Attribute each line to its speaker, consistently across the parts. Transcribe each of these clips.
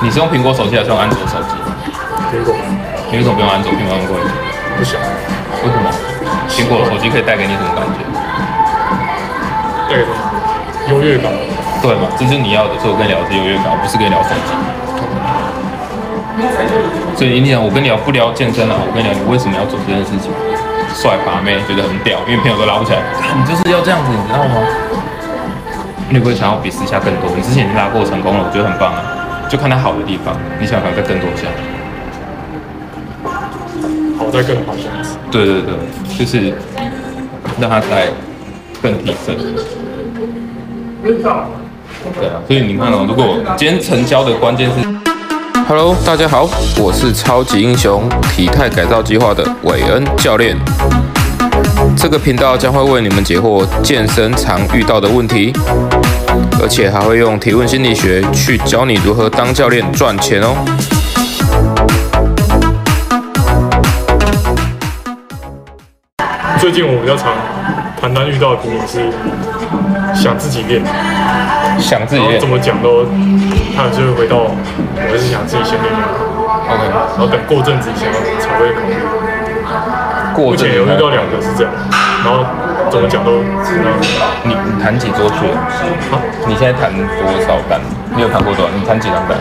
Speaker 1: 你是用蘋果手機還是用安卓手機？蘋果嗎。你為什麼不用安卓？蘋果用過一次不喜歡、啊。為什麼？蘋果手機可以帶給你什麼感覺？對，優越感。對嘛？這是你要的，所以我跟你聊的是優越感，我不是跟你聊手機、嗯。所以你講，我跟你聊不聊健身啊？我跟你聊，你為什麼要做這件事情？帥八妹覺得很屌，因為朋友都拉不起來。你就是要這樣子，你知道嗎？你不會想要比私下更多？你之前已經拉過成功了，我覺得很棒啊。就看他好的地方，你想要不想再更多一下？好在更好對對對，就是讓它在更提升
Speaker 2: 更。對啊，
Speaker 1: 所以你看了，如果今天成交的關鍵是。Hello，大家好，我是超級英雄體態改造計劃的韋恩教練。這個頻道將會為你們解惑健身常遇到的問題。而且還會用提問心理學去教你如何當教練賺錢哦。
Speaker 2: 最近我比較常談單遇到的瓶頸是想自己練，想自己練，怎麼講都，他就是回到，我還是想自己先練練，OK，然後等過陣子以前才會考慮。
Speaker 1: 過目前有遇到兩個是這樣，然後。怎麼講都，你你談幾桌去，啊？你現在談多少單？你有談過多少？你談幾張單？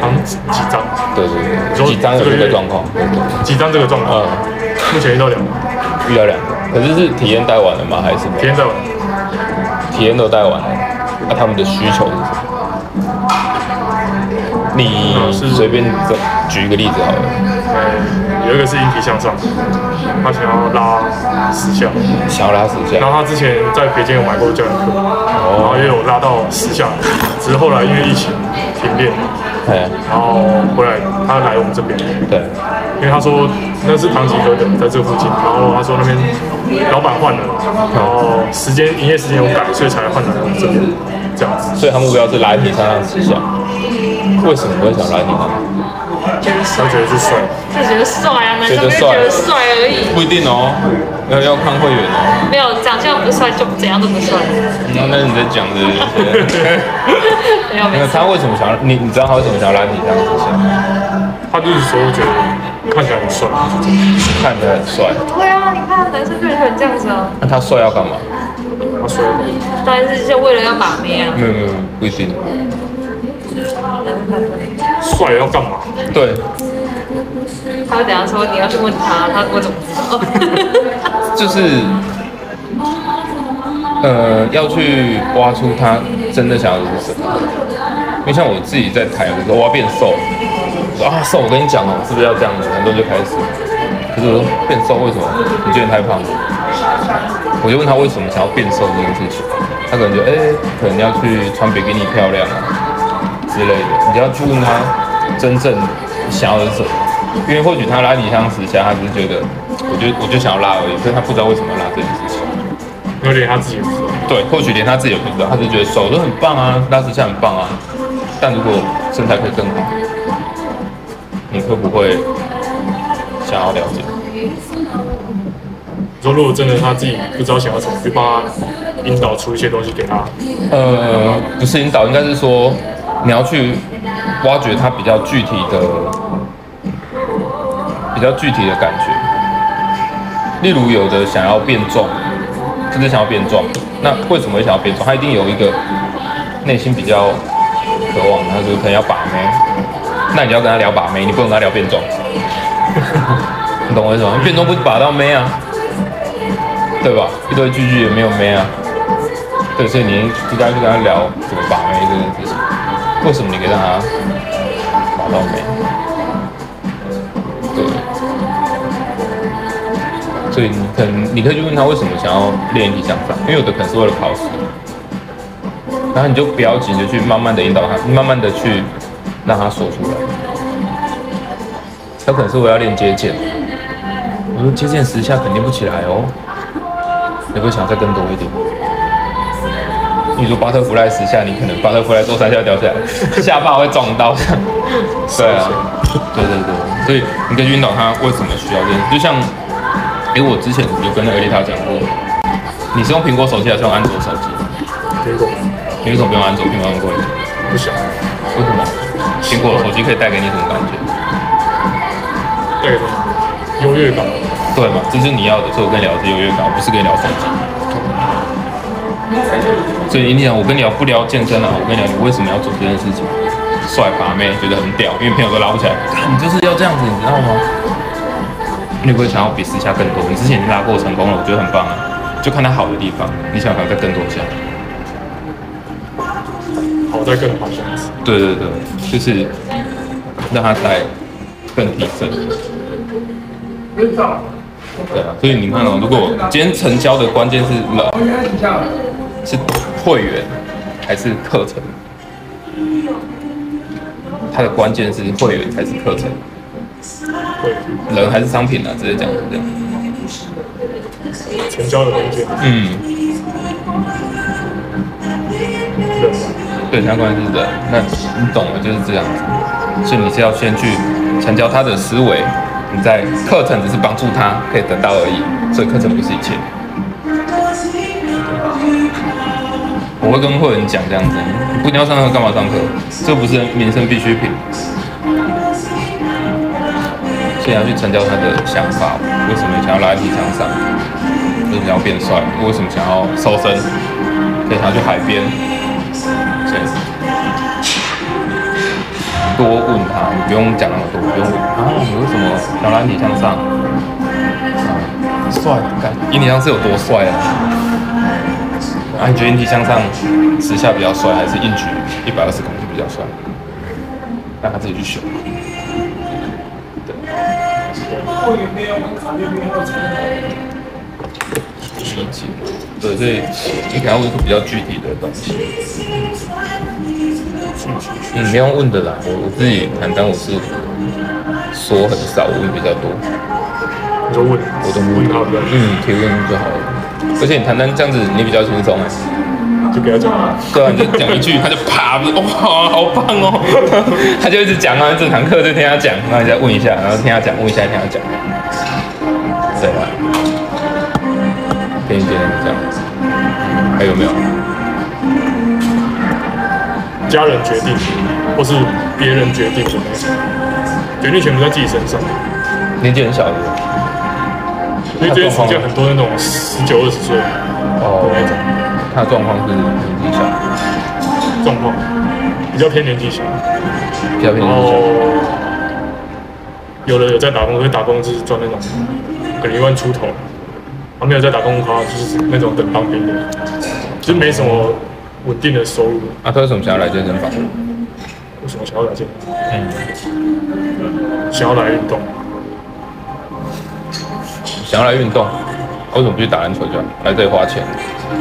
Speaker 1: 談幾張？對對對，幾張有這個狀況？幾張這個狀況，嗯？目前遇到兩個，遇到兩個。可是是體驗帶完了嗎？還是體驗帶完？體驗都帶完了，那，啊，他們的需求是什麼？嗯，是是你隨便舉一個例子好了。欸這個是引體向
Speaker 2: 上，他想要拉十下，想要拉十下。然後他之前在北京有買過教練課，oh. 然後也有拉到十下，只是後來因為疫情停電，對。Hey. 然後回來他來我們這邊，對、hey.。因為他說那是唐吉訶德，在這附近。Oh. 然後他說那邊老闆換了，
Speaker 3: 然後
Speaker 2: 時間營業時間有改，
Speaker 1: 所以才換來我們這邊，這樣子。子所以他目標是引體向上十下、
Speaker 2: 嗯，
Speaker 1: 為什麼會想拉你呢？就覺，
Speaker 2: 啊、覺得是帥，就覺得帥啊，男生就覺
Speaker 1: 得帥而已，不一定哦？要要看會員哦、啊。沒有，長相
Speaker 2: 不帥
Speaker 1: 就怎樣都不帥、嗯啊。那那你在講的沒有沒有。沒，他為什麼想你？你知道他為什麼想要拉你這樣子嗎、嗯？他就是說，覺得看起來很帥，看起來很帥。不會啊，你看男生就是很這樣子哦，那、啊、他帥要幹嘛？他帥。但是是
Speaker 2: 為了要把
Speaker 1: 妹啊、嗯？沒有沒有不一定、啊嗯嗯嗯嗯嗯帥要幹嘛？對。他等
Speaker 3: 下說你要去問他，他我怎
Speaker 2: 麼知道？
Speaker 1: 就是，
Speaker 3: 呃，
Speaker 1: 要去挖出他真的想要的是什麼。
Speaker 3: 因
Speaker 1: 為像我自己在台時候，我要，我說我要變瘦。啊，瘦！我跟你講哦，我是不是要這樣子？很多人就開始。可是我說變瘦為什麼？你覺得太胖了？我就問他為什麼想要變瘦這件事情，他可能就哎、欸，可能要去穿比基尼漂亮啊。之類的，你要去問他真正想要的是什麼，因為或許他拉你相石像，他只是覺得，我就我就想要拉而已，所以他不知道為什麼要拉這件事情。因為連他自己也說。對，或許連他自己也不知道，他就覺得手都很棒啊，拉直下很棒啊，但如果身材可以更好，你會不會想要了解？如
Speaker 3: 果
Speaker 1: 真的他自己不知道想要什麼，就幫他引導出一些東西給他。呃，不是引導，應該是說。你要去挖掘他比較具體的，比較具體的感覺。例如，有的想要變重，真的想要變重，那為什麼會想要變重？他一定有一個內心比較渴望，他就是可能要把妹。那你要跟他聊把妹，你不能跟他聊變重。 你懂我為什麼變重不把到妹啊？對吧？一堆句句也沒有妹啊。對，所以你應該去跟他聊怎麼把妹的。就是為什麼你可以讓他劃到沒？對，所以你可能你可以去問他為什麼想要練引體向上，因為有的可能是為了考試。然後你就不要急著去慢慢的引導他，慢慢的去讓他說出來。他可能是為了練接鍵，我、嗯、說接鍵十下肯定不起來哦，你會想再更多一點。你比如，巴特弗萊十下，你可能巴特弗萊做三下掉下來，下巴會撞到。 對啊，對對對，所以你跟以運他為什麼需要這樣？就像，因為我之前有跟那個麗塔講過，你是用蘋果手機還是用安卓手機？蘋果。你為什麼不用安卓？蘋果為什為什麼？蘋果手機可以帶給你什麼感覺？對，優越感。對嘛？這是你要的，所以我跟你聊的優越感，不是跟你聊手機。嗯所以你講，我跟你聊不聊健身了？啊。我跟你講，你為什麼要做這件事情？帥把妹，覺得很屌，因為朋友都拉不起來。嗯。你就是要這樣子，你知道嗎？你不會想要比私下更多？你之前已經拉過成功了，我覺得很棒了。啊。就看他好的地方，你想不想再更多一下？好在更好，對對對，就是讓他在更提
Speaker 2: 升。
Speaker 1: 很對啊，所以你看哦，如果今天成交的關鍵是人，是。會員還是課程？它的關鍵是會員還是課程？人還是商品呢、啊？直接講成這樣，成交的東西。嗯。人啊、對，那關鍵是人。那你懂了就是這樣，所以你是要先去成交他的思維，你在課程只是幫助他可以得到而已，所以課程不是一切。我會跟會員講這樣子，你不一定要上課，幹嘛上課？這不是民生必需品。所、嗯、以要去成交他的想法，為什麼想要引體向上？為什麼想要變帥？為什麼想要瘦身？可以想要去海邊，這樣。多問他，你不用講那麼多，不用問啊。你為什麼想要引體向上？
Speaker 2: 嗯、帥，幹，引
Speaker 1: 體向上是有多帥啊？啊，你覺得引體向上十下比較帥，還是硬舉一百二十公斤比較帥？讓他自己去選。對。對，所以你想會問比較具體的東西，嗯，不用問的啦。我我自己坦白，我是說很少，我問比較多。我都問，我都沒問你。嗯，可以問就好了。而且你談談這樣子，你比較輕鬆，就不要講了、啊。對啊，你就講一句， 他就啪的，哇，好棒哦！ 他就一直講啊，這堂課就聽他講，然後你再問一下，然後聽他講，問一下，聽他講。對啊，可以決定這樣。還有沒
Speaker 2: 有？家人決定，或是別人決定？什麼決定權不在自己身上。年紀很小的。因為這邊常見很多那種十九二十歲，歲的那種，他的狀況是年紀小，狀況比較偏年紀小，然後有的有在打工，所以打工就是賺那種可能一萬出頭，他沒有在打工，他就是那種等當兵的，其實沒什麼穩定的收入。
Speaker 1: 啊，他為什麼想要來健身房？
Speaker 2: 為什麼想要來健身？
Speaker 1: 嗯，想要來運動。想要來運動，為什麼不去打籃球就？就來這裡花錢，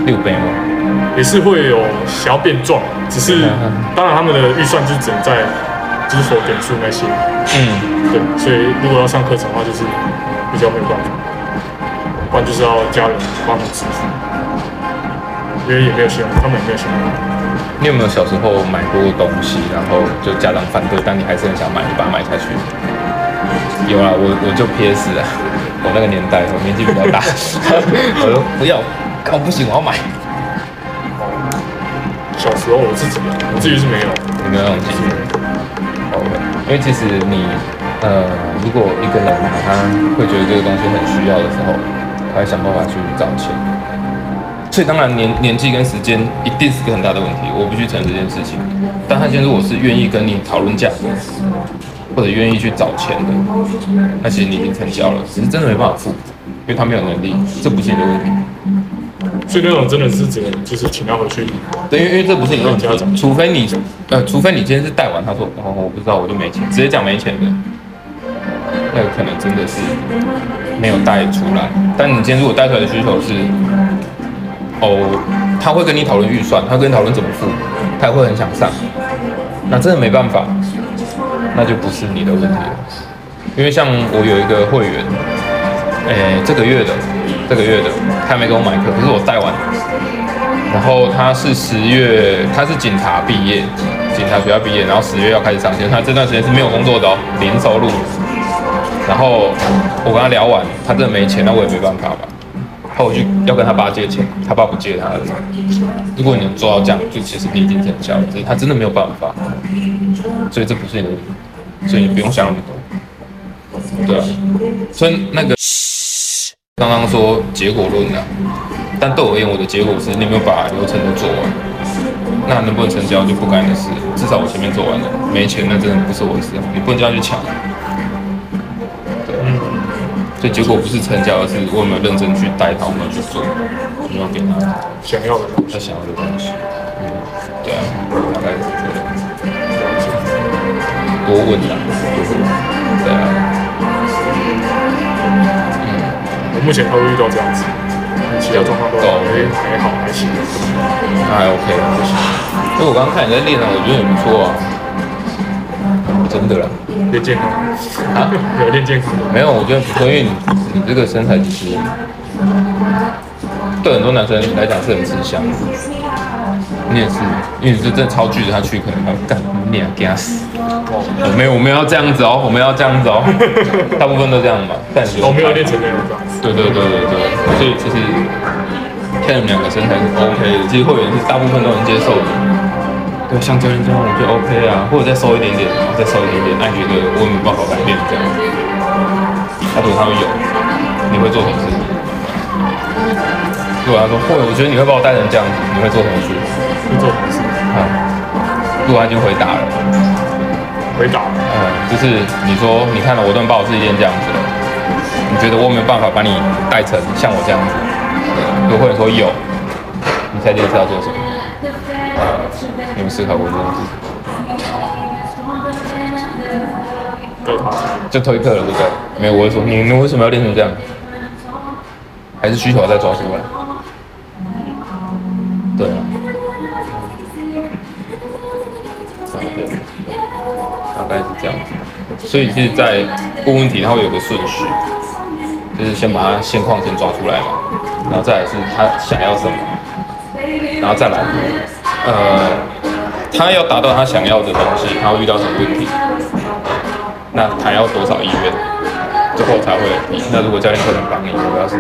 Speaker 1: 六倍。嗎？
Speaker 2: 也是會有想要變壯，只是當然他們的預算是只就只能在支付點數那些。嗯，對，所以如果要上課程的話，就是比較沒有辦法，不然就是要家人幫忙支付，因為也沒有錢，他們也沒有錢。
Speaker 1: 你有沒有小時候買過東西，然後就家長反對，但你還是很想買，你把它買下去？有啊，我我就 P S 了我那個年代，我年紀比較大， 我說不要，啊不行，我要買。小時候我自己，我自己是沒有，你沒有那種經驗。OK，因為其實你，呃，如果一個人他會覺得這個東西很需要的時候，他會想辦法去找錢。所以當然年年紀跟時間一定是個很大的問題，我不去承認這件事情。但他其實我是願意跟你討論價格，或者願意去找錢的，那其實你已經成交了，只是真的沒辦法付，因為他沒有能力，這不是你的問題。所以那種真的是只能就是請他回去。對，因為因為這不是你這種家長，除非你呃，除非你今天是帶完，他說哦我不知道我就沒錢，直接講沒錢的，那可能真的是沒有帶出來。但你今天如果帶出來的需求是哦，他會跟你討論預算，他跟你討論怎麼付，他會很想上，那真的沒辦法。那就不是你的問題了，因為像我有一個會員，誒、欸，這個月的，這個月的，他還沒給我買課，可是我帶完。然後他是十月，他是警察畢業，警察學校畢業，然後十月要開始上線，他這段時間是沒有工作的哦，零收入。然後我跟他聊完，他真的沒錢，那我也沒辦法吧。然後我去要跟他爸借錢，他爸不借他的。
Speaker 3: 如
Speaker 1: 果你能做到這樣，就其實你已經成交了，只是他真的沒有辦法。所以這不是你的理由，理所以你不用想那麼多，對啊。所以那個，剛剛說結果論的、啊，但對我而言，我的結果是你有沒有把流程都做完，那能不能成交就不關你的事。至少我前面做完了，沒錢那真的不是我的事，你不能這樣去搶。對、嗯，所以結果不是成交的是，而是我有沒有認真去帶他，我沒有去做，有沒有給他想要的，他想要的東西。嗯，對啊，大概。
Speaker 2: 多問了、就是、對啊，嗯，我目前還會遇到這樣子，其他狀況
Speaker 1: 都哎還，還，還好，還行，還、哎、OK，因為我剛剛看你在練上、啊，我覺得你不錯啊，真的，練健康啊，有練健康沒有？我覺得不錯，因為你你這個身材其實 對很多男生來講是很吃香的，
Speaker 3: 你也是，
Speaker 1: 因為這這超巨下去可能要幹練幹死。欸、沒有，我們要這樣子哦、喔，我們要這樣子哦、喔，大部分都這樣吧，但是我沒有練成這樣子。對對對對對，所以其實他們兩個身材是 OK 的，其實會員是大部分都能接受的。對，像周元這樣，我覺得 OK 啊，或者再瘦一點點，再瘦一點點，那你覺得我也沒辦法改變這樣。他、啊、如果他們有，你會做什麼事？如果他說會，我覺得你會把我帶成這樣子，你會做什麼事？會做什麼事？啊，如果他就回答了。回答，嗯，就是你說，你看了，我都能把我自己練這樣子了，你覺得我沒有辦法把你帶成像我這樣子？會不會說有？你在這次要做什麼？呃、
Speaker 3: 啊，有思
Speaker 1: 考過這件事情？對，就推特了，對不對？沒有，我就說，你你為什麼要練成這樣？還是需求再抓出來？所以其實在問問題，他會有個順序，就是先把他現況先抓出來嘛，然後再來是他想要什麼，然後再來，呃，他要達到他想要的東西，他會遇到什麼問題，那他要多少意願，之後才會。那如果教練課程幫你，主要是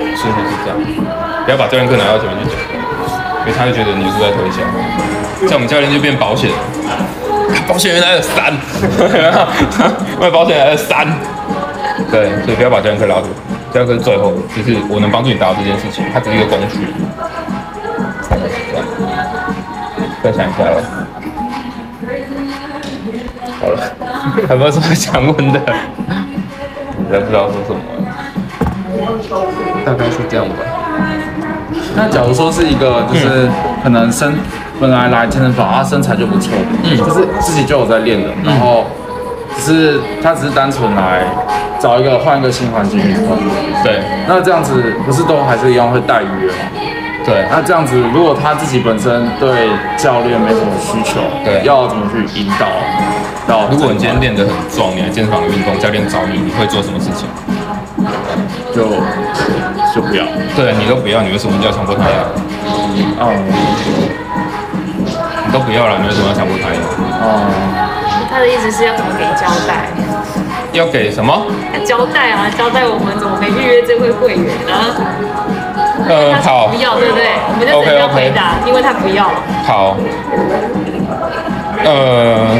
Speaker 1: 順序是這樣，不要把教練課拿到前面去講，因為他就覺得你是不是在推銷，這樣我們教練就變保險了。保險原來是三，賣保險原來是三？對，所以不要把交強車拉住，交強車是最後，就是我能幫助你達到這件事情，它只是一個工具。太搞笑了，分享出來了。好了，還沒有什麼想問的？也不知道說什麼，大概是這樣吧。那假如說是一個，就是可能生。本來來健身房，他、啊、身材就不錯，嗯，就是自己就有在練的，然後只是他只是單純來找一個換一個新環境運動，對。那這樣子不是都還是一樣會代約嗎？對。那、啊、這樣子如果他自己本身對教練沒什麼需求，對，要怎麼去引導到？到如果你今天練得很壯，你來健身房運動，教練找你，你會做什麼事情？就就不要。對你都不要，你為什麼就要強迫他呀？嗯。不要了，你為什麼要強迫他？哦，他的意
Speaker 2: 思是要怎麼給交代？
Speaker 1: 要給什麼？
Speaker 2: 交代啊，交代我們怎麼會預約這位會員、啊，然呃好，不要，對不對？我們就跟他回答，okay, okay. 因
Speaker 1: 為他不要。好。呃，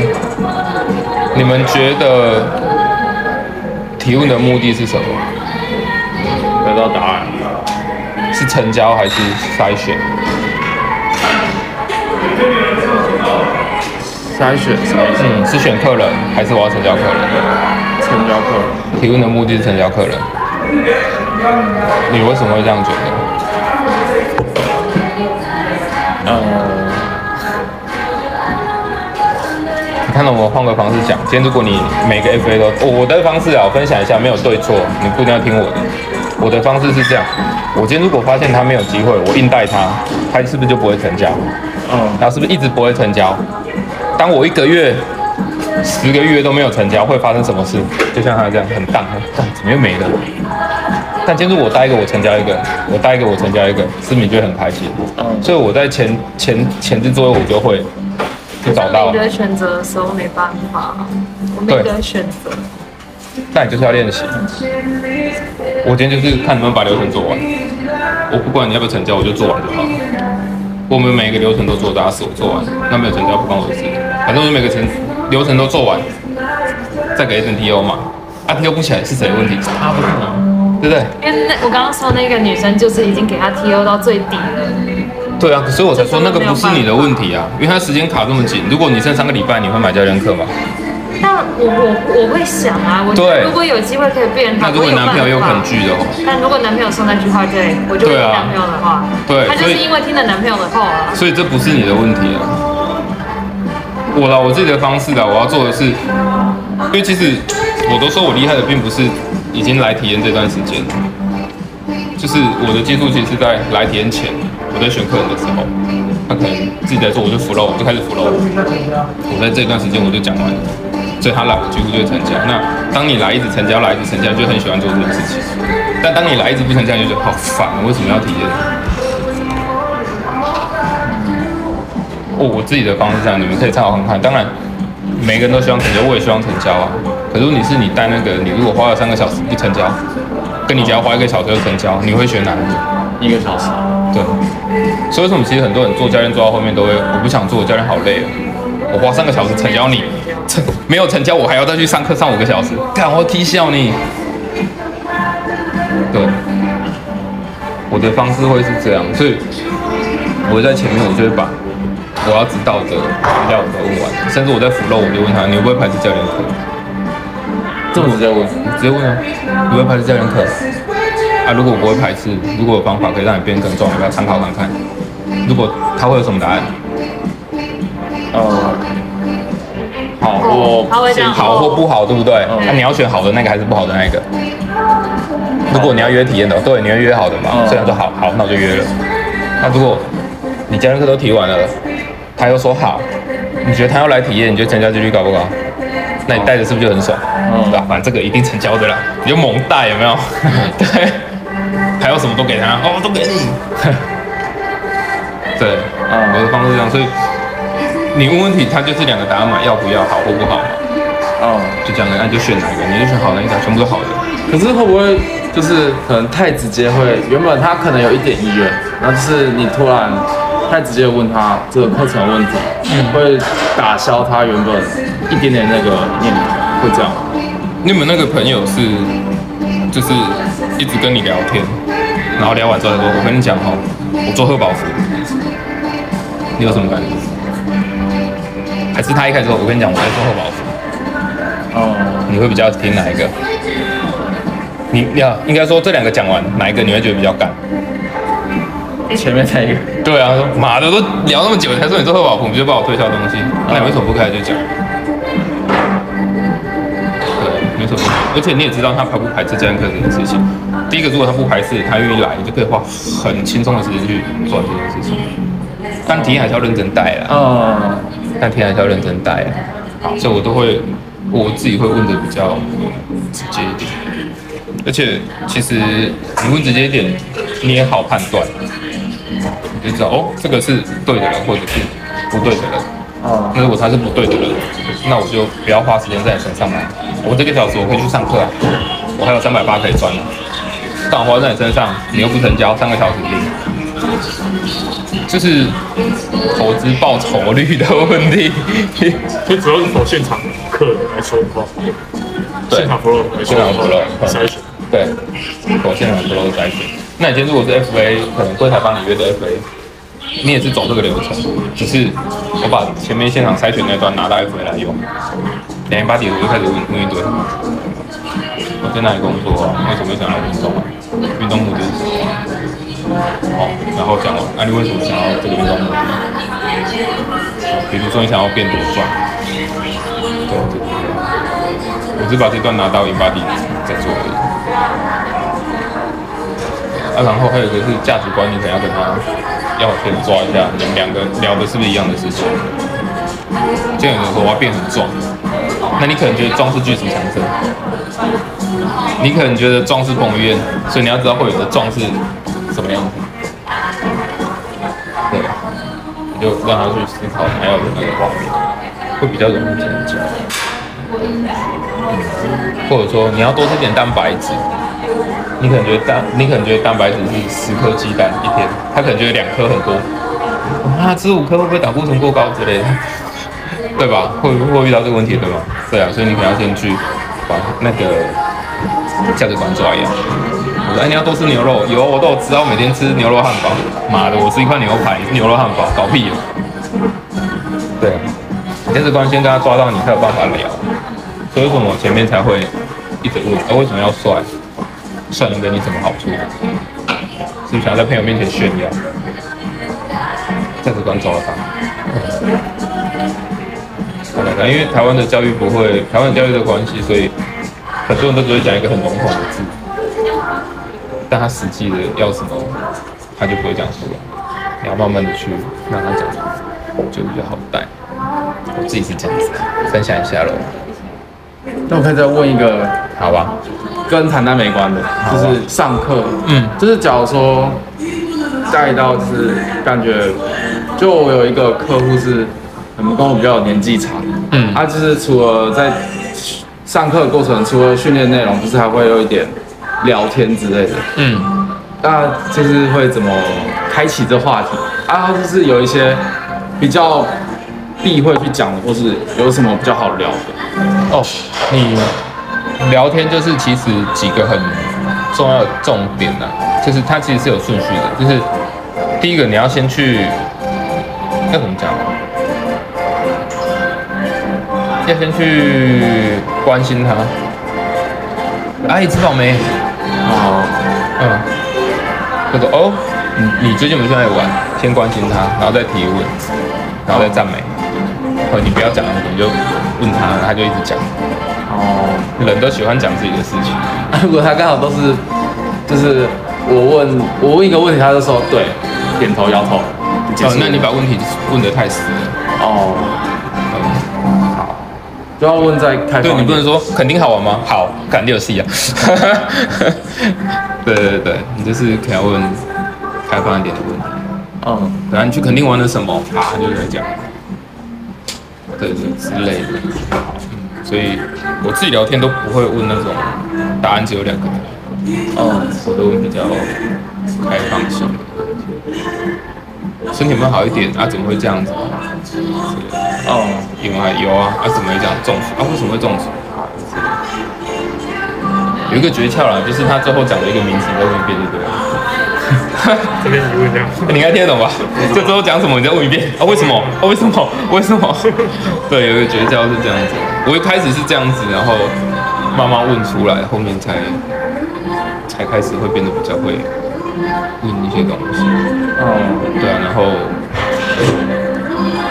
Speaker 1: 你們覺得提問的目的是什麼？得到答案是成交還是篩選？篩選,三選。嗯，是選客人還是我要成交客人？成交客人。提問的目的是成交客人。你為什麼會這樣覺得？嗯。你看到我們換個方式講，今天如果你每個 FA 都，我的方式啊，分享一下，沒有對錯，你不一定要聽我的。我的方式是這樣，我今天如果發現他沒有機會，我硬帶他，他是不是就不會成交？嗯。然後是不是一直不會成交？當我一個月、十個月都沒有成交，會發生什麼事？就像他這樣很淡很淡，怎麼又沒了？但今天是我帶一個我成交一個，我帶一個我成交一個，思敏就會很開心、嗯。所以我在前前前置作業我就會就找到了。我一
Speaker 2: 選擇的
Speaker 3: 時候沒辦法，我一個選擇。
Speaker 1: 但你就是要練習。我今天就是看能不能把流程做完。我不管你要不要成交，我就做完就
Speaker 3: 好。
Speaker 1: 我們每一個流程都做到是我做完，那沒有成交不關我事。
Speaker 3: 反正我每個
Speaker 1: 程流程都做完，再給一 A T O
Speaker 2: 嘛啊 T O 不起來是誰的問題？
Speaker 1: 他不可能對不對？因為那我剛剛說那個女生就是已經給她 T O 到最底了。對啊，所以我才說那個不是你的問題啊，因為她時間卡這麼緊，如果你剩三個禮拜，你會買教練課嗎？那
Speaker 2: 我我我會想啊，我覺得如果有機會可以變，那如果男朋友又很倔的話，但如果男朋友說那句話對，我就會聽男朋友的話對、啊，對，他就是因為聽了男朋友的話啊所，
Speaker 1: 所以這不是你的問題啊。我啦，我自己的方式啦，我要做的是，
Speaker 2: 因為其實我
Speaker 1: 都說我厲害的，並不是已經來體驗這段時間，就是我的技術其實是在來體驗前，我在選客人的時候，他可能自己在說我就 flow，我就開始 flow。我在這段時間我就講完了，所以他來幾乎就會成交。那當你來一直成交，來一直成交，就很喜歡做這種事
Speaker 3: 情；
Speaker 1: 但當你來一直不成交，就覺得好煩，我為什麼要體驗？哦，我自己的方式這、啊、樣，你們可以參考看看。當然，每個人都希望成交，我也希望成交啊。可是，你是你帶那個，你如果花了三個小時不成交，跟你只要花一個小時就成交，你會選哪一個？一個小時。對。所以，為什麼其實很多人做教練做到後面都會，我不想做教練，我教練好累了、啊。我花三個小時成交你，成沒有成交，我還要再去上課上五個小時，看我踢笑你。對。我的方式會是這樣，所以我在前面，我就會把。我要知道的都要問完，甚至我在 follow，我就問他，你會不會排斥教練課？這麼直接問，你直接問他，你會排斥教練課？啊，如果我不會排斥，如果有方法可以讓你變更壯，要參考看看。如果他會有什麼答案？呃、嗯，好、嗯、或、嗯啊 oh, 好或不好，oh. 對不對？Oh. 那你要選好的那個還是不好的那個？Oh. 如果你要約體驗的，oh. 對，你要約好的嘛，這樣就好，好，那我就約了。那、oh. 啊、如果你教練課都提完了？他又說好，你覺得他要來體驗，你就成交幾率高不高？那你帶着是不是就很爽？對、嗯、吧、啊？反正這個一定成交對了，你就猛帶有沒有？嗯、 對，還有什麼都給他哦，都給你。 對，我、嗯、的方式這樣，所以你問問題他就是兩個答案嘛，要不要好或不好嗯，就這樣了，那就選哪一個？你就選好那一個，全部都好的。可是會不會就是可能太直接？會原本他可能有一點意願，然後就是你突然。太直接問他這個課程的問題、嗯，會打消他原本一點點那個念頭，會這樣。你們那個朋友是就是一直跟你聊天，然後聊完之後說：“我跟你講哈、哦，我做賀寶福，你有什麼感覺？”嗯，還是他一開始說：“我跟你講，我在做賀寶福。”哦，你會比較聽哪一個？你要應該說這兩個講完，哪一個你會覺得比較幹？前面參與對啊，說媽的都聊那麼久才說你做淘寶，你就幫我推銷東西，那你為什麼不開就講、嗯？對，沒什麼。而且你也知道他排不排斥這樣課這件事情。第一個，如果他不排斥，他願意來，你就可以花很輕鬆的時間去做這件事情。但體驗還是要認真帶啊、嗯，但體驗還是要認真帶啊、嗯。好，所以我都會，我自己會問的比較直接一點。而且其實你問直接一點，你也好判斷。就知道哦，這個是對的人或者是不對的人。哦，那如果他是不對的人，那我就不要花時間在你身上了。我這個小時我可以去上課，我還有三百八可以賺我花在你身上，你又不成交，三個小時零，這是投資報
Speaker 3: 酬率的
Speaker 2: 問題。
Speaker 1: 就主要是
Speaker 3: 投現
Speaker 2: 場課
Speaker 1: 來抽包，現場 f o l l o 現場 follow，對，投現場 follow 在選。那你今天如果是 FA，可能櫃台幫你約的 FA。你也是走這個流程，只是我把前面現場篩選那段拿來回來用，InBody 我就開始問問一堆，我在哪裡工作、啊，為什麼想要運動、啊，運動目的是什麼、啊，好、哦，然後講，哎、啊，你為什麼想要這個運動目的？比如說你想要變多壯，對對對，我是把這段拿到 InBody 再做而已。啊，然後還有一個是價值觀，你也要跟他。要我先抓一下，你們兩個聊的是不是一樣的事情？就有人說我要變很壯，那你可能覺得壯是巨石強森，你可能覺得壯是彭於晏，所以你要知道會有的壯是什麼樣子。對，你就讓他去思考，還要有那個畫面，會比較容易成交。
Speaker 3: 嗯，
Speaker 1: 或者說你要多吃點蛋白質。你可能覺得蛋，你可能覺得蛋白質是十顆雞蛋一天，他可能覺得兩顆很多。哇，吃五顆會不會膽固醇過高之類的？對吧？會不會遇到這個問題？對嗎？對啊，所以你可能要先去把那個價值觀抓一下。我說，哎、欸，你要多吃牛肉，有我都有吃到，每天吃牛肉漢堡。媽的，我是一塊牛排，牛肉漢堡，搞屁啊！對，你價值觀先跟他抓到，你才有辦法聊。所以為什麼我前面才會一直問，去、欸？為什麼要帥？算能給你什麼好處？是不是想要在朋友面前炫耀？在這段走了他呵呵、嗯啊？因為台灣的教育不會，台灣教育的關係，所以很多人都只會講一個很籠統的字，但他實際的要什麼，他就不會講出來。你要慢慢的去讓他講，就比較好帶。我自己是這樣子，分享一下嘍。
Speaker 3: 那我可以
Speaker 1: 再問一個，好吧？跟談單沒關的，就是上課、啊，嗯，就是假如說，下一道就是感覺，就我有一個客戶是，可能跟我比較有年紀長，嗯，他、啊、就是除了在上課過程，除了訓練內容，不是還會有一點聊天之類的，嗯，那、啊、就是會怎麼開啟這話題？啊，就是有一些比較避諱去講的，或是有什麼比較好聊的？
Speaker 3: 嗯、
Speaker 1: 哦，你、嗯。聊天就是其實幾個很重要的重點吶、啊，就是它其實是有順序的，就是第一個你要先去，要怎麼講要先去關心他、啊，阿姨吃飽沒、嗯嗯這個？哦，嗯，或者哦，你你最近有沒有在玩？先關心他，然後再提問，然後再讚美。或者、哦、你不要講那麼多，你就問他，他就一直講。哦、oh,，人都喜歡講自己的事情。如 果他剛好都是，就是我問我問一個問題他，他就說對，點頭搖頭。Oh, 那你把問題問得太死了。哦，嗯，好，不要問在開放。對，你不能說肯定好玩嗎？好，肯定有戲啊。 對對對，你就是肯定要問開放一點的問題。嗯，然後你去肯定玩的什麼？他、啊、就來講，對對之類的。所以我自己聊天都不會問那種答案，只有兩個人。哦，我都會比較開放性的。身體有沒有好一點啊？怎麼會這樣子、啊？哦，有啊有啊，啊怎麼會這樣中暑？啊為什麼會中暑？有一個訣竅啦，就是他最後講的一個名詞，都會變對不對？哈，這邊你會這樣，欸、你應該聽得懂吧？這之後講什麼，你再問一遍啊、哦？為什麼？啊、哦？為什麼？為什麼？ 對，有一個絕招是這樣子。我一開始是這樣子，然後慢慢、嗯、問出來，後面才才開始會變得比較會問一些東西。嗯，對啊，然後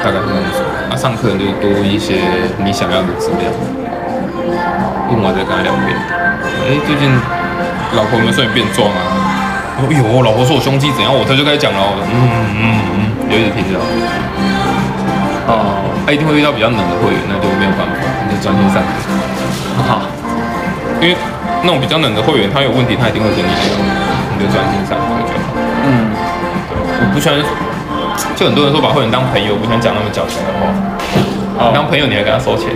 Speaker 1: 大概是這樣子。那、啊、上課就多一些你想要的資料，問完再跟他聊一遍。哎、欸，最近老婆有沒有說你變壯啊？哎呦，老婆說我胸肌怎樣，我這就開始講了。嗯嗯嗯，有、嗯嗯嗯、一點聽了啊，他一定會遇到比較冷的會員，那就沒有辦法，你就專心上課。很好，因為那種比較冷的會員，他有問題，他一定會跟你講，你就專心上課就好。嗯，對，嗯、我不喜歡，就很多人說把會員當朋友，我不想講那麼矯情的話。哦、啊。當朋友你還給他收錢？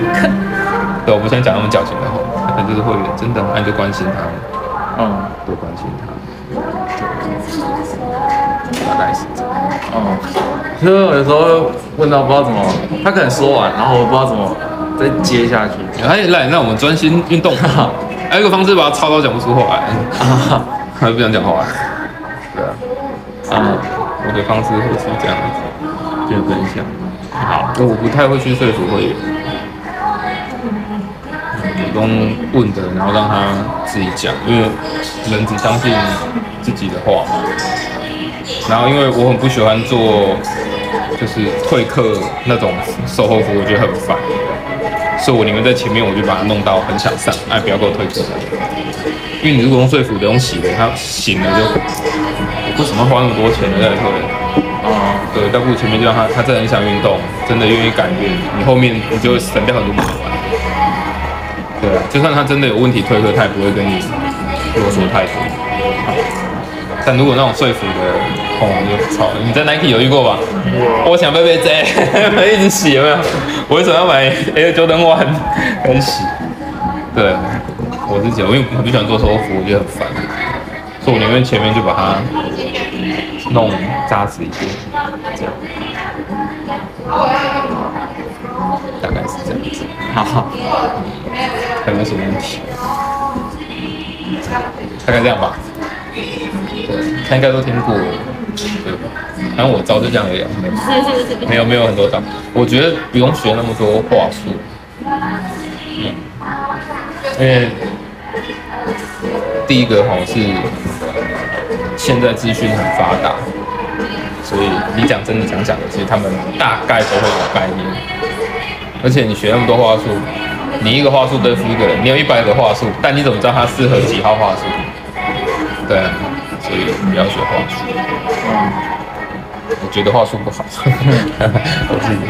Speaker 1: 對，我不想講那麼矯情的話。他、哎、就是會員，真的、啊，你就關心他。嗯，多關心他。 哦，因為有時候問到不知道怎麼，他可能說完，然後我不知道怎麼再接下去。也來，那我們專心運動。還有一個方式把他操到講不出話來，他哈，不想講話、嗯。對啊，嗯、我的方式會是這樣子、嗯，就跟你講好，我不太會去說服會員，主動問的，然後讓他自己講，因為人只相信。自己的話，然後因為我很不喜歡做就是退課那種售後服務，我覺得很煩，所以我寧願在前面我就把它弄到很想上，哎，不要給我退課了，因為你如果用說服的、用洗的，他醒了就我為什麼花那麼多錢呢？對不對？啊，對，但不如前面就讓他，他真的很想運動，真的願意改變，你後面我就省掉很多麻煩。對，就算他真的有問題退課，他也不會跟你囉嗦太多。但如果那種說服的話，哦，我就操！你在 Nike 猶豫過吧？我想背背、這個，想被被 Z，被一直洗，有沒有？我為什麼要買 a 九0 0很很洗。對，我自己我因為我很不喜歡做說服，我覺得很煩，所以我寧願前面就把它弄
Speaker 3: 紮實一點，
Speaker 1: 這樣，大概是這樣子，好哈哈，看有什麼問題，大概這樣吧。他應該都聽過，對吧？反正我招就這樣而已，
Speaker 3: 沒有
Speaker 1: 沒有很多招。我覺得不用學那麼多話術，嗯，
Speaker 3: 因
Speaker 1: 為第一個好像是現在資訊很發達，所以你講真的講假的，其實他們大概都會有概念。而且你學那麼多話術，你一個話術對付一個人，你有一百個話術，但你怎麼知道他適合幾號話術？對啊。所以不要學話術，我覺得話術不好，我自
Speaker 3: 己，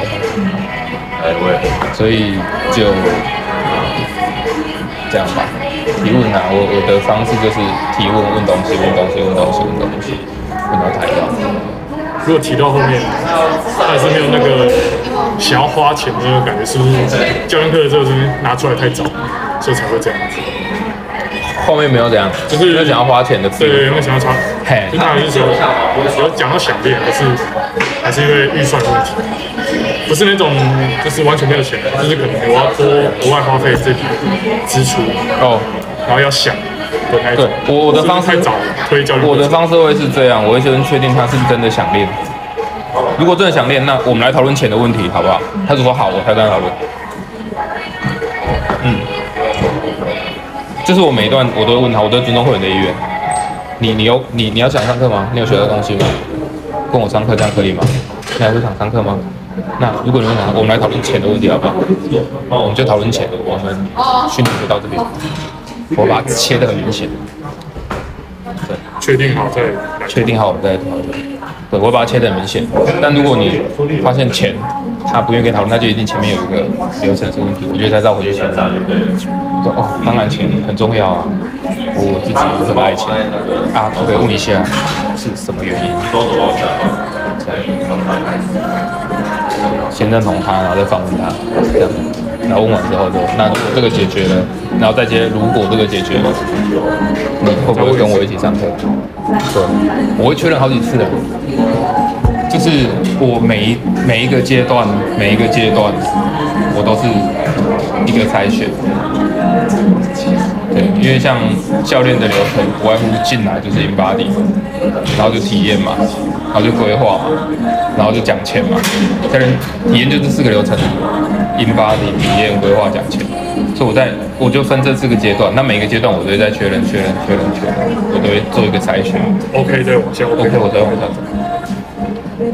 Speaker 1: 我也，所以就、啊、這樣吧。提問啊，我我的方式就是提問，問東西，問東西，問東西，問東西，問，問到他要。如果提到
Speaker 2: 後面，他還是沒有那個想要花錢的那種感覺，是不是？在教練課的時候是不是拿出來太早，所以才會這樣子？後面沒有怎樣，就是，就是想要花錢的對，對，對，有想要穿，就大概是說，我講到想練，還是還是因為預算問題，不是那種就是完全沒有錢，就是可能我要
Speaker 1: 多額外花費這筆支，支出哦，然後要想不太對，我的方式是是太早了，可以交我的方式會是這樣，我會先確定他是真的想練。如果真的想練，那我們來討論錢的問題，好不好？他如果好的，他再他討論。嗯。就是我每一段我都會問他，我都是尊重會員的意願。’你你有你你要想上課嗎？你有學到東西嗎？跟我上課這樣可以嗎？你還會想上課嗎？那如果你不想，我們來討論錢的問題好不好，嗯？我們就討論錢。的、嗯、我們訓練就到這邊，我把它切得很明顯。確定，定好再，確定好我再討論。對，我會把它切得很明顯。但如果你發現錢他不願意跟討論，那就一定前面有一個流程問題。我覺得他繞回去錢。對、嗯。說哦，當然錢、嗯、很重要啊，我自己也很愛錢啊。得問一下是什麼原因麼？先認同他，然後再訪問他，這樣子。然後問完之後就，那如果這個解決了，然後再接如果這個解決了，你會不會跟我一起上課？對，我會確認好幾次的、啊，就是我每一每一個階段每一個階段，我都是一個篩選。對，因為像教練的流程，不外乎進來就是 InBody，然後就體驗嘛，然後就規劃嘛，然後就講錢嘛，反正體驗就這四個流程。InBody、體驗、規劃、講錢，所以我在我就分這四個階段，那每一個階段我都會在確認確認確認確認，我都會做一個篩選，OK，再往下，OK，我再往下走。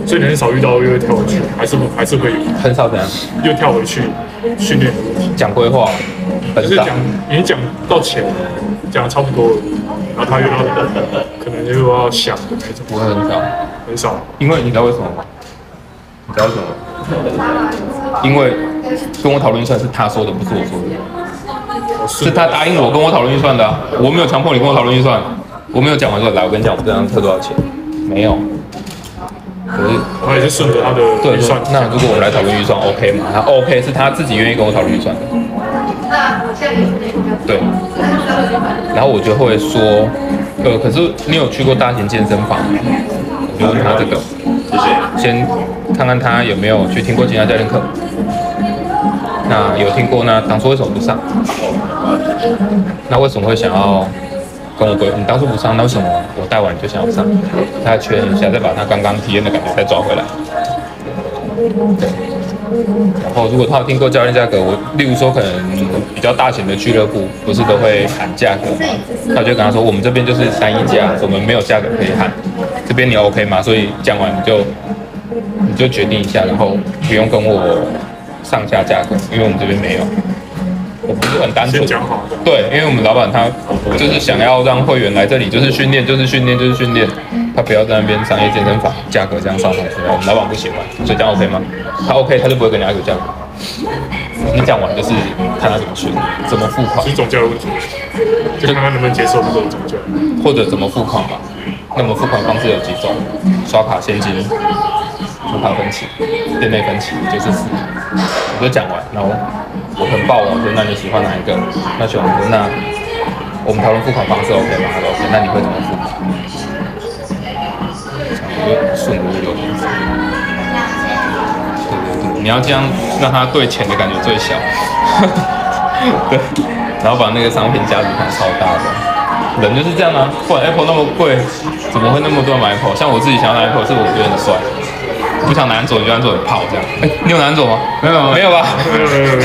Speaker 1: 所以
Speaker 2: 你很少遇到又會跳回去，還是不還是會很少怎樣？又跳回去訓練講規劃，就是講已經講到錢，講得差不多了，然後他又要可能又要想，還不會很少很少，因為你知道為什麼嗎？你
Speaker 1: 知道為什麼？
Speaker 3: 因為跟
Speaker 1: 我討論預算是他說的，不是我說的，是他答應我跟我討論預算的，啊，我沒有強迫你跟我討論預算，我沒有講完就來，我跟你講我這張車多少錢，沒有。可是我也是順着他的對算。那如果我們來討論預算，OK 嗎？他 OK，是他自己願意跟我討論預算的。
Speaker 3: 對。
Speaker 1: 然後我就會說，呃，可是你有去過大型健身房嗎？就是他這個。先看看他有沒有去聽過其他教練課。那有聽過呢？那當初為什麼不上？那為什麼會想要跟我回？你、嗯、當初不上，那為什麼我帶完就想要上？他確認一下，再把他剛剛體驗的感覺再抓回來。
Speaker 3: 然後，
Speaker 1: 如果他有聽過教練價格，我例如說，可能比較大型的俱樂部不是都會喊價格
Speaker 3: 嗎？他就跟
Speaker 1: 他說，我們這邊就是單一價，我們沒有價格可以喊。這邊你 OK 嗎？所以講完你就你就決定一下，然後不用跟我，我上下價格，因為我們這邊沒有，我不是很單純。先講好。對，因為我們老板他就是想要讓會員來這裡就，就是訓練，就是訓練，就是訓練，他不要在那邊商業健身房價格這樣上浮出來。我們老板不喜歡，所以這樣 OK 嗎？他 OK，他就不會跟你 argue 價格。 你講完就是、嗯、看他怎麼訓，怎麼付款。你總教練嗎？就看他能不能接受這種或者怎麼付款吧。那麼付款方式有幾種？刷卡、現金、刷卡分期、店內分期，就是四。我就講完，然後我，我很暴我說，那你喜歡哪一個？那喜歡那我們討論付款方式，OK 嗎？OK，那你會怎麼付？嗯、我說就順流。對對對，你要這樣讓他對錢的感覺最小， 對，然後把那個商品價值感超大的。人就是這樣啊，不然 Apple 那麼貴，怎麼會那麼多人買 Apple？像我自己想要 Apple，是我覺得很帥，不想拿走，你就按得我的胖這樣。哎、欸，你有男左嗎？沒有，沒有吧？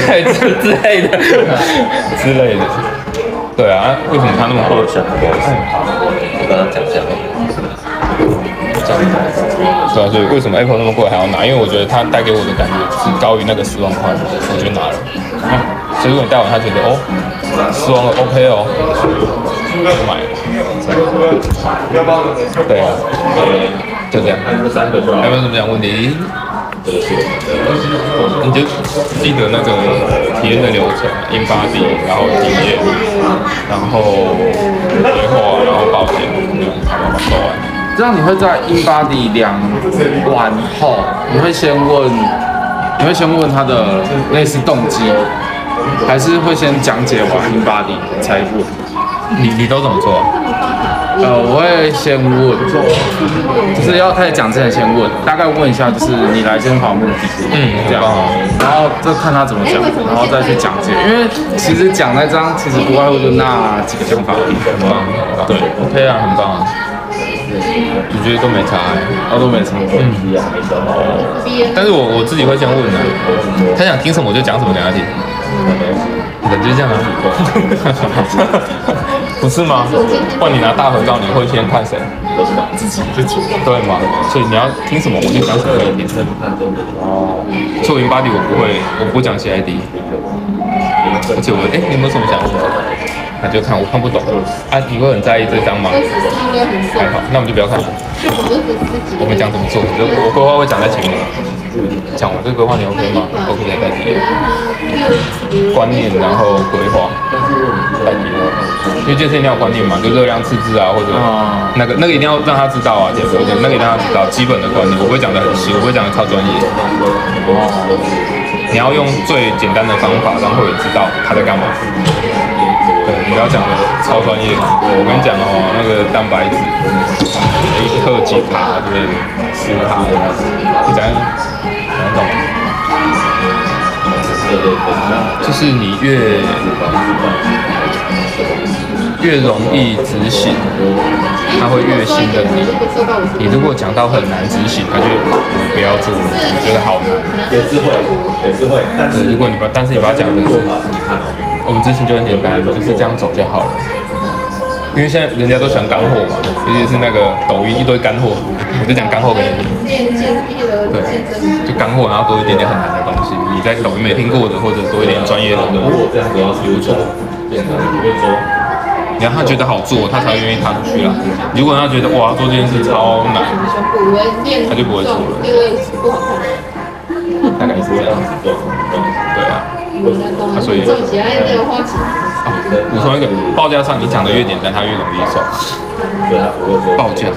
Speaker 1: 太、嗯、之、嗯嗯、 之類的， 之類的。對啊，啊，為什麼他那麼貴？我剛剛講講了，
Speaker 3: 講
Speaker 1: 一下。啊，所以為什麼 Apple 那麼貴還要拿。因為我覺得它帶給我的感覺是、嗯、高於那個十萬塊，我就拿了。啊，所以如果你帶完他覺得哦，十萬了 OK 哦。我買了，嗯，對啊，對，嗯，就這樣。還有沒有什麼問題？你就記得那個體驗的流程：Inbody，然後體驗，然後隨後啊，然後保險，這樣。你會在 Inbody 量完後，你會先問，你會先問問他的類似動機，還是會先講解完 Inbody 才問？嗯你你都怎麼做、啊？呃，我會先問， 就是要開始講之前先問，大概問一下就是你來這邊目的，嗯，這樣，啊、然後就看他怎麼講，然後再去講解。因為其實講那張，其實不外乎就那幾個方法，什、嗯、麼對，OK 啊，很棒啊，我、啊、覺得都沒差、欸，都都沒差嗯，但是我我自己會先問的、啊嗯，他想聽什麼我就講什麼給他聽。嗯人就這樣很奇怪， 不是嗎？換，你拿大合照，你會先看誰？自己自己對嗎？所以你要聽什麼，我就講什麼。顏色不的哦。做雲巴迪我不會，我不講 C I D。而且我哎、欸，你有沒有什麼想法？那、啊、就看我看不懂。安、啊、迪會很在意這張嗎？
Speaker 3: 還
Speaker 1: 好，那我們就不要看了。
Speaker 3: 我們
Speaker 1: 講怎麼做，我繪畫會講在前面。講完這個規劃你 OK 嗎？OK 的概念，觀念，然後規劃，因為健身一定要觀念嘛，就熱量赤字啊，或者那個、嗯那個、那個一定要讓他知道啊，減肥，那個一定要讓他知道基本的觀念，我不會講的很細，我不會講的超專業、嗯。你要用最簡單的方法，然後也知道他在幹嘛。對，你不要講的超專業，我跟你講哦，那個蛋白質，一克幾卡，之類的。好懂。就是你越越容易執行，他會越信任你。
Speaker 3: 你如果
Speaker 1: 講到很難執行，他就不要做。你覺得好難？有智慧，有智慧。但是如果你把但是你把它講的，我們執行就很簡單，就是這樣走就好了。因為現在人家都喜歡乾貨嘛，尤其是那個抖音一堆乾貨，我、嗯、 就講乾貨給你聽。
Speaker 3: 對，
Speaker 1: 就乾貨，然後多一點點很難的東西。你在抖音沒聽過的，或者多一點專業的。如果這樣，要去做，變成越多，你他覺得好做，他才會願意踏出去了。如果他覺得哇，做這件事超難，嗯、他就不會做了。嗯、大概是這樣子，對對，對，對啊、嗯。所以，啊、哦，補充一個報價上，你講的越簡單，它越容易做。報價，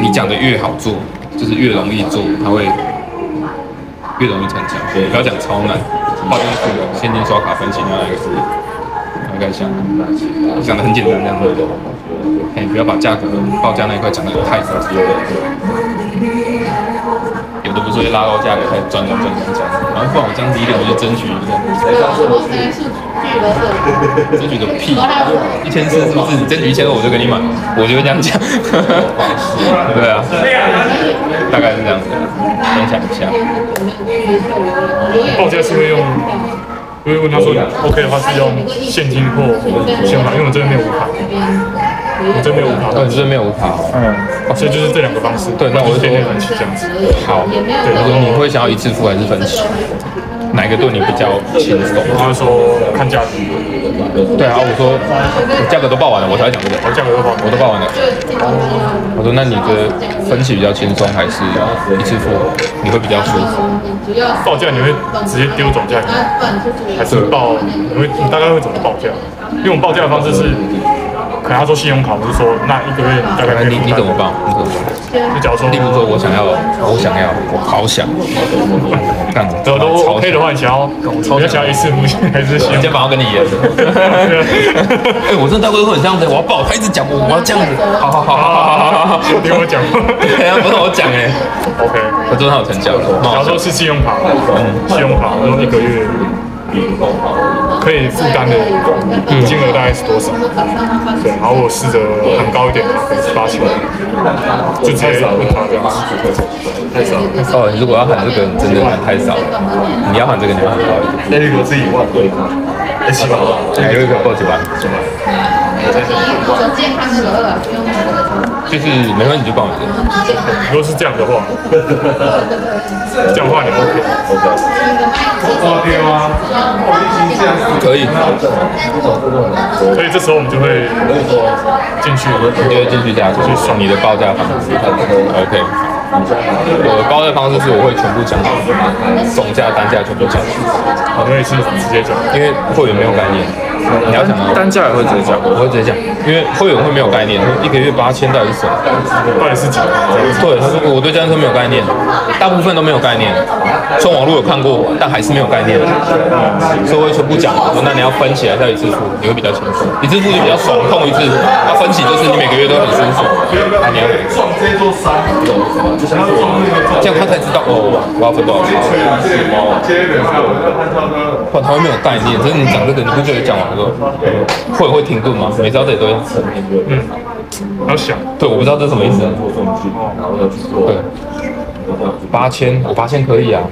Speaker 1: 你講的越好做，就是越容易做，它會越容易成交。不要講超難，報價是現金、刷卡分的那個、分、那、析、個。另外的一個事情。該看像講的很簡單，這樣子。哎，不要把價格跟報價那一塊講的太複雜、嗯。有的不是會拉高價格，太賺轉賺轉轉然後，我講低一點，我就爭取一下。嗯爭取個屁！一千四是不是？你爭取一千二我就給你買，我就這樣講。 對啊，大概是這樣子
Speaker 2: 的，分享一下。報、哦、價是會用，因為我會問他說，OK 的話是用現金或信用卡，因為我真這邊沒有五卡。
Speaker 1: 我、嗯、真這邊沒有五卡，對，這邊沒有五卡。嗯，所以就是這兩個方式。對，那我就建議分期這樣子。好，對，我說你會想要一次付還是分期？哪一個對你比較輕鬆？他說看價格。對啊，我說我價格都報完了，我才講這個。我價格都報，我都報完了。我說，那你覺得分期比較輕鬆，還是一次付你會比較舒服？主
Speaker 3: 要
Speaker 1: 報價你會直接丟總價格？
Speaker 2: 還是報你會你大概會怎麼報價？因為我們報價的方式是。可能他說信用卡，不是說那一個月大概？你你怎麼辦？你只要說，我想要，我想
Speaker 1: 要，我好想，幹嘛？我,我,我,我,我,我都我 OK 的話，你想要，想你要想要一次付清還是先？我先把要跟你演。哎、啊 欸，我真的大哥會這樣子，我要爆，他一直講我，我要這樣子。好好好好好好好好,好,好,好我講對、啊，聽我講，不要不聽我講哎、欸。
Speaker 2: OK，我真的有成交了。然後說，是信用卡、嗯，信用卡，然後一個月。嗯好可以負擔的金額大概是多少？嗯、對，然後我試着很高一點吧、啊，八千，直接這太
Speaker 1: 少，太少了。哦，oh, 如果要喊這個，真的太少了你、
Speaker 3: 這
Speaker 2: 個。你
Speaker 1: 要喊這個，你要喊高一點。那、哦這個、一個是一萬，對吧？還七萬吧，就一個八九萬，
Speaker 2: 是吧？你說
Speaker 3: 健康這個。
Speaker 2: 就是，然後你就報價。如果是這樣的話， 這樣的話你
Speaker 1: OK，OK、OK。報價嗎？可以。所以這時候我們就會進說，進去，你就會進去，這樣，就是送你的報價方式，OK。我、嗯、的報價方式是，我會全部講出總價、單價全部講好，好因為是直接講，因為會員沒有概念。你要想單價也會直接講，我會直接講，因為會員會沒有概念，一個月八千到底是多
Speaker 2: 少，到底是幾？
Speaker 1: 對，他說我對家用車沒有概念，大部分都沒有概念，從網絡有看過，但還是沒有概念，嗯嗯、所以我說不講了。那你要分起來，就是、要一次付，你、就是、會比較清楚，一、嗯、次付就比較爽，痛一次，要分起就是你每個月都很舒服，不要不
Speaker 2: 要，這
Speaker 1: 樣他才知道哦，我要分多少錢？哇、嗯，他會沒有概念，所以、就是、你講這個你會直接講。完嗯、會會停頓嗎？每招得都要沉。嗯，好想。對，我不知道這是什麼意思。做對，八千，我八千可以啊。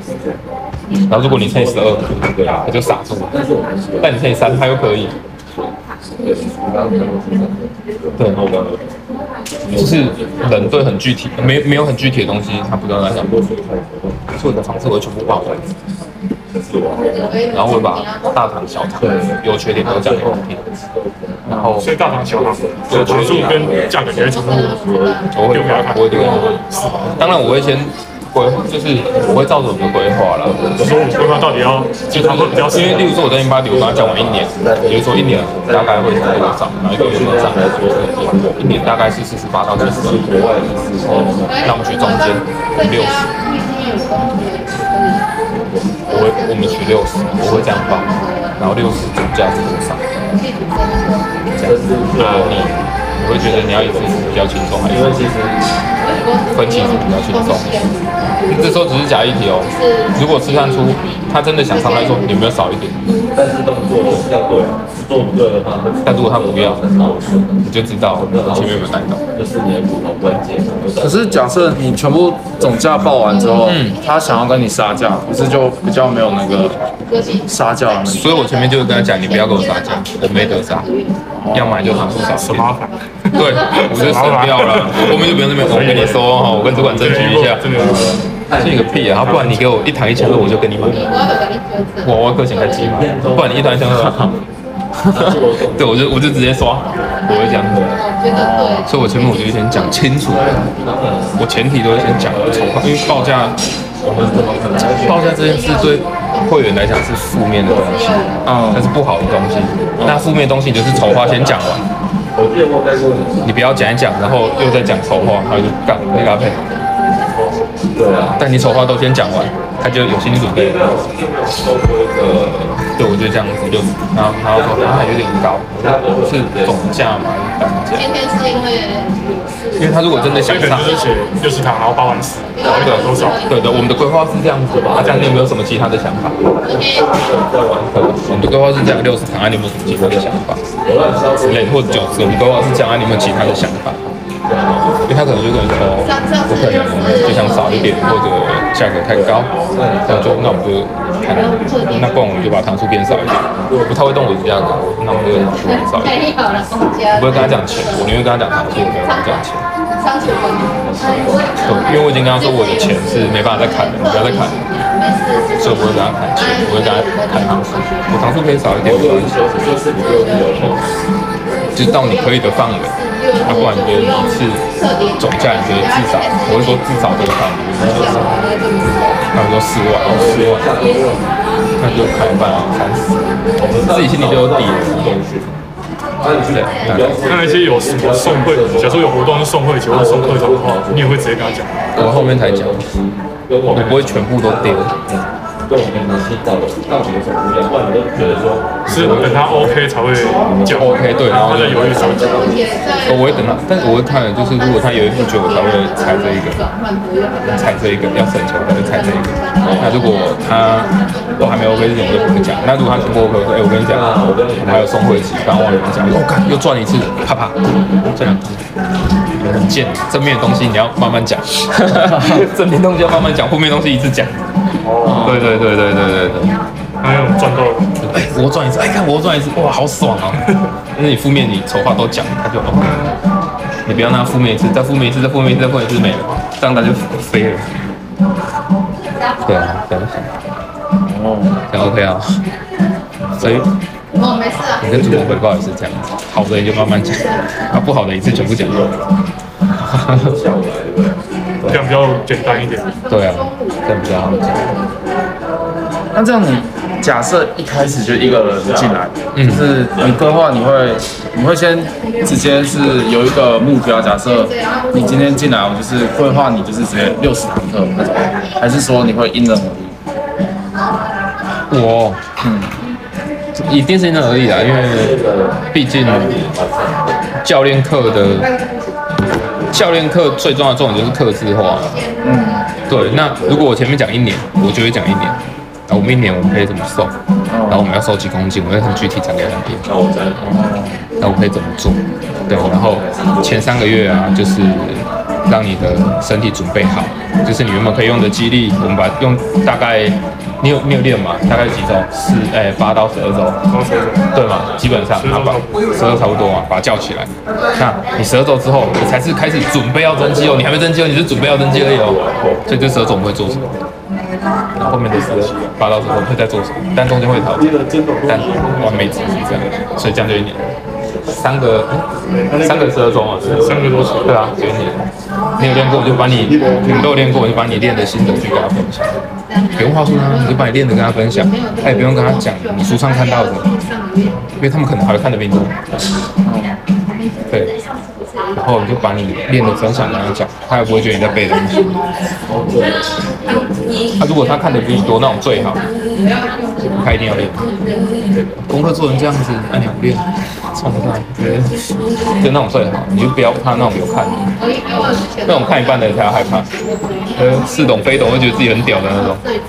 Speaker 1: 然後如果你乘以十二，對，他就傻住了。但你乘以三，他又可以。對，就是人對很具體，沒有沒有很具體的東西，差不多來講多少塊。所有的房子我全部看完，然後會把大廠、小廠優缺點都講給他聽。然後所以大廠、小廠的權數跟價格也會綜合，我會會撥掉。當然我會先。規劃就是我會照着我們的規劃了。我說我們規劃到底要，就他們比較因為，例如說我在 InBody，我剛剛講完一年，比如說一年大概會怎然後一個月會怎麼漲，一年大概是四十八到六十、嗯，國外是 40,、嗯嗯嗯、那我們取中間六十，我 60, 我會我們取六十，我會這樣報，然後六十總價是多少，這樣子、嗯、你。我會覺得你要以分
Speaker 3: 期比較輕鬆，因為其實分期是比較輕鬆
Speaker 1: 的。這時候只是假議題哦，就是、如果試探出他真的想上來說有沒有少一點，但是動作要對，做不對的話。但如果他不要很、嗯、你就知道我、嗯、前面有沒有帶到，這是你的溝通關鍵。可是假設你全部總價報完之後、嗯，他想要跟你殺價，可是就比較沒有那個殺價了、那個。所以我前面就是跟他講，你不要跟我殺價，我、嗯、沒得殺。要買就少少少，死麻煩。對，我就死掉了。後面就不用這邊，我跟你說哈，我跟主管爭取一下。爭取個屁啊！不然你給我一台一千二，我就跟你買。我要等你簽字。我外觀先開機買，不然你一台一千二。對，我就我就直接刷。我會講，我覺對。所以我前面我就先講清楚，我前提都是先講籌劃，因為報價。報、嗯、價，這件事對會員來講是負面的東西，但、嗯、是不好的東西。那負面的東西就是醜話先講完。你不要講一講，然後又在講醜話，他就幹沒搭配。對啊，但你醜話都先講完，他就有心理準備了。嗯嗯對，我就這樣子就，就然，然，然後他說他還有點高，
Speaker 2: 那
Speaker 3: 是總價嗎？高，這因為
Speaker 1: 他如果真的想上，就是六十堂，然後八萬四，然後多少多少。對的，我們的規劃是這樣子吧？他講、啊、你有沒有什麼其他的想法？Okay. 我們的規劃是講六十堂，那、啊、你有沒有什麼其他的想法？累、okay. 或者九十，我們的規劃是講、啊、你有沒有其他的想法？嗯、因為他可能就跟你說，
Speaker 3: 我可能我就想少一點，或者
Speaker 1: 價格太高，那、嗯、我、嗯、就那我們就看、嗯、那我們就把堂數變少一點，我、嗯、不太會動，我的價格，那我們就堂數變少一點、
Speaker 3: 嗯嗯我一點嗯。我不
Speaker 1: 會跟他講錢，嗯、我寧願跟他講堂數，我不要跟他講錢、
Speaker 3: 嗯嗯。因為我已經跟他說我的錢是
Speaker 1: 沒辦法再砍的，嗯、我不要再砍了、嗯，所以我不會跟他砍錢，嗯、我會跟他砍堂數、嗯，我堂數、嗯、可以少一點，我就是就就到你可以的範圍，他、啊、不然別一次總價，你覺得至少，我會說至少這個範圍。他說四萬，四、嗯、萬、嗯，那就慘了，慘死。
Speaker 2: 我、哦、自己心裡就有底，懂不懂？
Speaker 1: 對，那、嗯、那些有什麼送會，假如說有活動就送會，其他送會長的話，你也會直接跟他講，我、嗯嗯嗯嗯嗯、後面才講，我不會全部都丟。嗯對，我你們是到底到底有什麼不一樣？不然你就覺得說，是等他 OK 才會就、嗯、OK，對，然後他在猶豫什麼？我會等他，但是我會看，就是如果是他猶豫不決，我才會踩這一個，踩這一個，要省錢才會踩這一個。他、嗯、如果他都還沒 OK，我就不會講。那如果他全部 OK，我說，哎、欸，我跟你講，我還有送貨一起，剛忘了講，我看、哦、又賺一次，啪啪，嗯、這樣很賤，正面的東西你要慢慢講， 正面東西要慢慢講，負面東西一直講。哦，對對對對對對對，他用賺夠了。哎，我賺一次，哎、欸，看我賺一次，哇，好爽啊！ 但是你負面你醜話都講，它就好、OK。Oh. 你不要讓它負面一次，再負面一次，再負面一次，再負面一次沒了，賬單就飛了。Oh. 對啊，講得少。哦、oh. OK，這樣 OK 啊，所以。哦，沒事、啊。你跟主播回報也是這樣，好的你就慢慢
Speaker 3: 講，
Speaker 1: 啊不好的一次全部講完，嗯嗯對。這樣比較簡單一點。對啊，這樣比
Speaker 3: 較好
Speaker 2: 講。那這樣
Speaker 1: 你假設一開始就一個人進來，嗯，就是你規劃你會你會先直接是有一個目標，假設你今天進來，我就是規劃你就是直接六十堂課，還是說你會因人而異？我、哦，嗯。以電視上而已啦，因為畢竟教練課的教練課最重要的重點就是客製化。嗯，對。那如果我前面講一年，我就會講一年。那我們一年我們可以怎麼瘦？然後我們要瘦幾公斤？我會很具體講給你聽。那我在，那我可以怎麼做？對，然後前三個月啊，就是。讓你的身體準備好，就是你原本可以用的肌力。我們把用大概，你有你有練嗎？大概幾周？四哎、欸、八到十二周，對嗎？基本上，十二差不多嘛，把它叫起來。那你十二周之後，你才是開始準備要增肌肉。你還沒增肌肉，你是準備要增肌肉哦。所以這十二周我們會做什麼，然後後面的七八到十二周我們會再做什麼，但中間會調整，但完美執行這樣，所以將就一點。三個，三個十二鐘啊，三個多時。對啊，所以你，你有練過，我就把你，你們都有練過，我就把你練的心得去跟他分享。不用話術啊，你就把你練的跟他分享。哎，不用跟他講你書上看到的，因為他們可能還會看得比較多。
Speaker 3: 對，
Speaker 1: 然後你就把你練的分享跟他講，他也不會覺得你在背的東
Speaker 3: 西。 他、啊、如果他
Speaker 1: 看得比你多，那種最好，
Speaker 3: 他
Speaker 1: 一定要練。功課做成這樣子，按兩遍，沖蛋，就、嗯、那種最好。你就不要怕那種有看、嗯，
Speaker 3: 那種看
Speaker 1: 一半的才要害怕。呃，似懂非懂，會覺得自己很屌的那種。對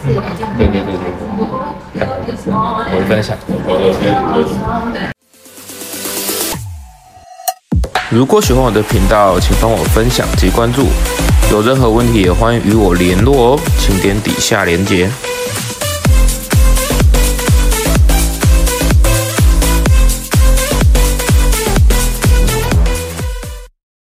Speaker 1: 對對對，對。
Speaker 3: 我的分享我謝謝。
Speaker 1: 如果喜歡我的頻道，請幫我分享及關注。有任何問題也歡迎與我聯絡哦，請點底下鏈接。